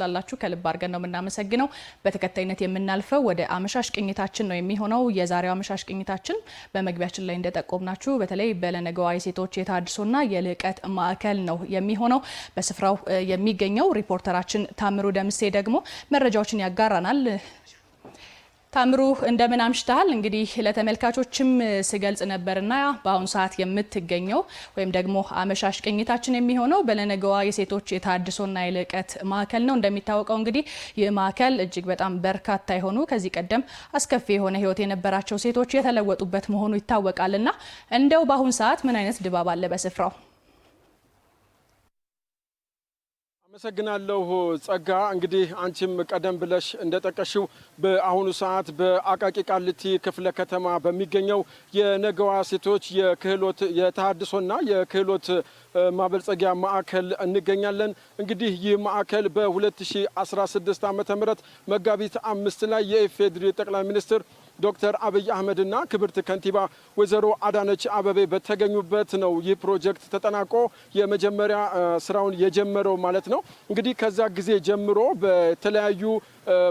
ስላላችሁ ከልብ አድርገን ነው የምናመሰግነው። በተከታይነት የምናልፈው ወደ አመሻሽ ቅኝታችን ነው የሚሆነው። የዛሬው አመሻሽ ቅኝታችን በመግቢያችን ላይ እንደጠቆምናችሁ በተለይ በለነገዋ የሴቶች የታድሶና የልዕቀት ማዕከል ነው የሚሆነው። በስፍራው የሚገኘው ሪፖርተራችን ታምሩ ደምሴ ደግሞ መረጃዎችን ያጋራናል። ታምሩ እንደምን አምሽተሃል? እንግዲህ ለተመልካቾችም ስገልጽ ነበርና በአሁኑ ሰዓት የምትገኘው ወይም ደግሞ አመሻሽ ቅኝታችን የሚሆነው በለነገዋ የሴቶች የታድሶና የልቀት ማዕከል ነው። እንደሚታወቀው እንግዲህ ይህ ማዕከል እጅግ በጣም በርካታ የሆኑ ከዚህ ቀደም አስከፊ የሆነ ሕይወት የነበራቸው ሴቶች የተለወጡበት መሆኑ ይታወቃልና እንደው በአሁኑ ሰዓት ምን አይነት ድባብ አለ በስፍራው? አመሰግናለሁ ጸጋ። እንግዲህ አንቺም ቀደም ብለሽ እንደጠቀሽው በአሁኑ ሰዓት በአቃቂ ቃሊቲ ክፍለ ከተማ በሚገኘው የነገዋ ሴቶች የክህሎት የተሃድሶና የክህሎት ማበልጸጊያ ማዕከል እንገኛለን። እንግዲህ ይህ ማዕከል በ2016 ዓ ም መጋቢት አምስት ላይ የኢፌዴሪ ጠቅላይ ሚኒስትር ዶክተር አብይ አህመድና ክብርት ከንቲባ ወይዘሮ አዳነች አበቤ በተገኙበት ነው ይህ ፕሮጀክት ተጠናቆ የመጀመሪያ ስራውን የጀመረው ማለት ነው። እንግዲህ ከዛ ጊዜ ጀምሮ በተለያዩ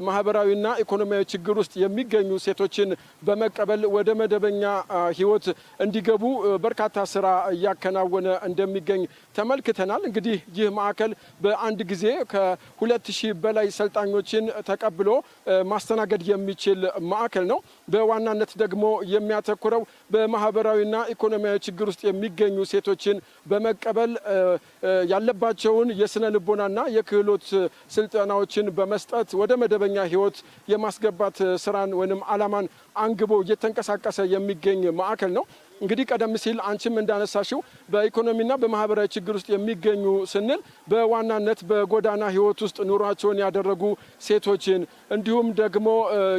ማህበራዊና ኢኮኖሚያዊ ችግር ውስጥ የሚገኙ ሴቶችን በመቀበል ወደ መደበኛ ህይወት እንዲገቡ በርካታ ስራ እያከናወነ እንደሚገኝ ተመልክተናል። እንግዲህ ይህ ማዕከል በአንድ ጊዜ ከሁለት ሺህ በላይ ሰልጣኞችን ተቀብሎ ማስተናገድ የሚችል ማዕከል ነው። በዋናነት ደግሞ የሚያተኩረው በማህበራዊና ኢኮኖሚያዊ ችግር ውስጥ የሚገኙ ሴቶችን በመቀበል ያለባቸውን የስነ ልቦናና የክህሎት ስልጠናዎችን በመስጠት ወደ መደበኛ ህይወት የማስገባት ስራን ወይም አላማን አንግቦ እየተንቀሳቀሰ የሚገኝ ማዕከል ነው። እንግዲህ ቀደም ሲል አንቺም እንዳነሳሽው በኢኮኖሚና በማህበራዊ ችግር ውስጥ የሚገኙ ስንል በዋናነት በጎዳና ህይወት ውስጥ ኑሯቸውን ያደረጉ ሴቶችን እንዲሁም ደግሞ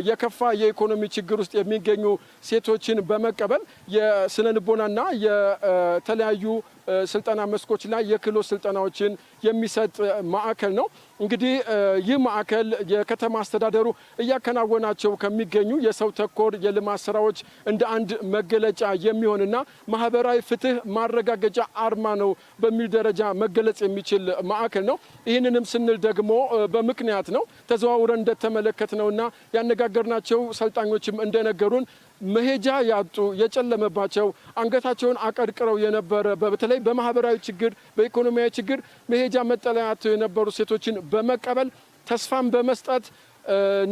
የከፋ የኢኮኖሚ ችግር ውስጥ የሚገኙ ሴቶችን በመቀበል የስነ ልቦናና የተለያዩ ስልጠና መስኮች ላይ የክህሎት ስልጠናዎችን የሚሰጥ ማዕከል ነው። እንግዲህ ይህ ማዕከል የከተማ አስተዳደሩ እያከናወናቸው ከሚገኙ የሰው ተኮር የልማት ስራዎች እንደ አንድ መገለጫ የሚሆንና ማህበራዊ ፍትህ ማረጋገጫ አርማ ነው በሚል ደረጃ መገለጽ የሚችል ማዕከል ነው። ይህንንም ስንል ደግሞ በምክንያት ነው። ተዘዋውረን እንደተመለከትነውና ያነጋገርናቸው ሰልጣኞችም እንደነገሩን መሄጃ ያጡ የጨለመባቸው አንገታቸውን አቀርቅረው የነበረ በተለይ በማህበራዊ ችግር፣ በኢኮኖሚያዊ ችግር መሄጃ መጠለያ ያጡ የነበሩ ሴቶችን በመቀበል ተስፋን በመስጠት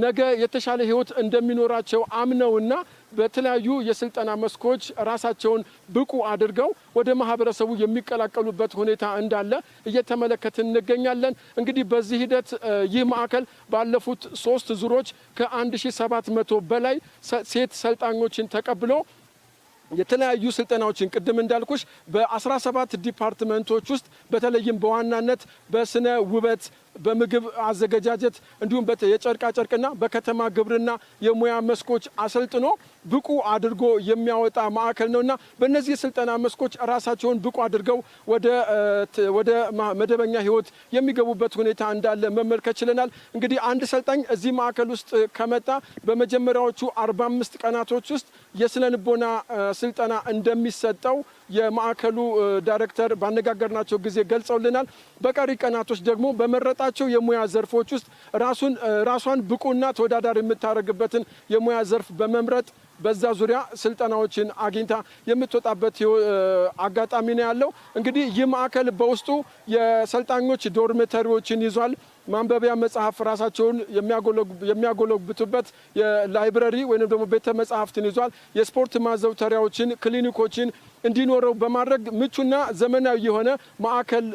ነገ የተሻለ ህይወት እንደሚኖራቸው አምነውና በተለያዩ የስልጠና መስኮች ራሳቸውን ብቁ አድርገው ወደ ማህበረሰቡ የሚቀላቀሉበት ሁኔታ እንዳለ እየተመለከትን እንገኛለን። እንግዲህ በዚህ ሂደት ይህ ማዕከል ባለፉት ሶስት ዙሮች ከ1700 በላይ ሴት ሰልጣኞችን ተቀብሎ የተለያዩ ስልጠናዎችን ቅድም እንዳልኩሽ በ17 ዲፓርትመንቶች ውስጥ በተለይም በዋናነት በስነ ውበት በምግብ አዘገጃጀት እንዲሁም የጨርቃ ጨርቅና በከተማ ግብርና የሙያ መስኮች አሰልጥኖ ብቁ አድርጎ የሚያወጣ ማዕከል ነውና በእነዚህ የስልጠና መስኮች ራሳቸውን ብቁ አድርገው ወደ መደበኛ ሕይወት የሚገቡበት ሁኔታ እንዳለ መመልከት ችለናል። እንግዲህ አንድ ሰልጣኝ እዚህ ማዕከል ውስጥ ከመጣ በመጀመሪያዎቹ 45 ቀናቶች ውስጥ የስነ ልቦና ስልጠና እንደሚሰጠው የማዕከሉ ዳይሬክተር ባነጋገርናቸው ጊዜ ገልጸውልናል። በቀሪ ቀናቶች ደግሞ በመረጣ ከሚሰጣቸው የሙያ ዘርፎች ውስጥ ራሱን ራሷን ብቁና ተወዳዳሪ የምታደርግበትን የሙያ ዘርፍ በመምረጥ በዛ ዙሪያ ስልጠናዎችን አግኝታ የምትወጣበት አጋጣሚ ነው ያለው። እንግዲህ ይህ ማዕከል በውስጡ የሰልጣኞች ዶርሜተሪዎችን ይዟል። ማንበቢያ መጽሐፍ ራሳቸውን የሚያጎለብቱበት የላይብረሪ ወይም ደግሞ ቤተ መጽሐፍትን ይዟል። የስፖርት ማዘውተሪያዎችን፣ ክሊኒኮችን እንዲኖረው በማድረግ ምቹና ዘመናዊ የሆነ ማዕከል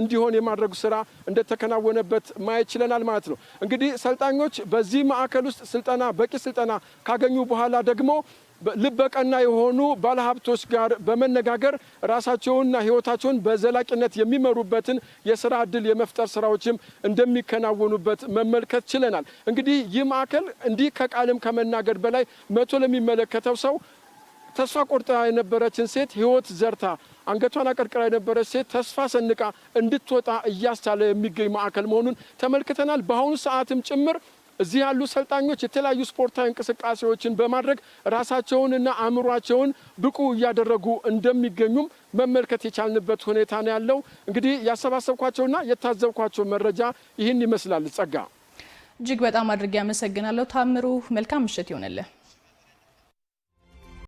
እንዲሆን የማድረጉ ስራ እንደተከናወነበት ማየት ችለናል ማለት ነው። እንግዲህ ሰልጣኞች በዚህ ማዕከል ውስጥ ስልጠና በቂ ስልጠና ካገኙ በኋላ ደግሞ ልበቀና የሆኑ ባለሀብቶች ጋር በመነጋገር ራሳቸውንና ህይወታቸውን በዘላቂነት የሚመሩበትን የስራ እድል የመፍጠር ስራዎችም እንደሚከናወኑበት መመልከት ችለናል። እንግዲህ ይህ ማዕከል እንዲህ ከቃልም ከመናገር በላይ መቶ ለሚመለከተው ሰው ተስፋ ቆርጣ የነበረችን ሴት ህይወት ዘርታ አንገቷን አቀርቅራ የነበረች ሴት ተስፋ ሰንቃ እንድትወጣ እያስቻለ የሚገኝ ማዕከል መሆኑን ተመልክተናል። በአሁኑ ሰዓትም ጭምር እዚህ ያሉ ሰልጣኞች የተለያዩ ስፖርታዊ እንቅስቃሴዎችን በማድረግ ራሳቸውንና አእምሯቸውን ብቁ እያደረጉ እንደሚገኙም መመልከት የቻልንበት ሁኔታ ነው ያለው። እንግዲህ ያሰባሰብኳቸውና የታዘብኳቸው መረጃ ይህን ይመስላል። ጸጋ፣ እጅግ በጣም አድርጌ አመሰግናለሁ። ታምሩ። መልካም ምሽት ይሆንልህ።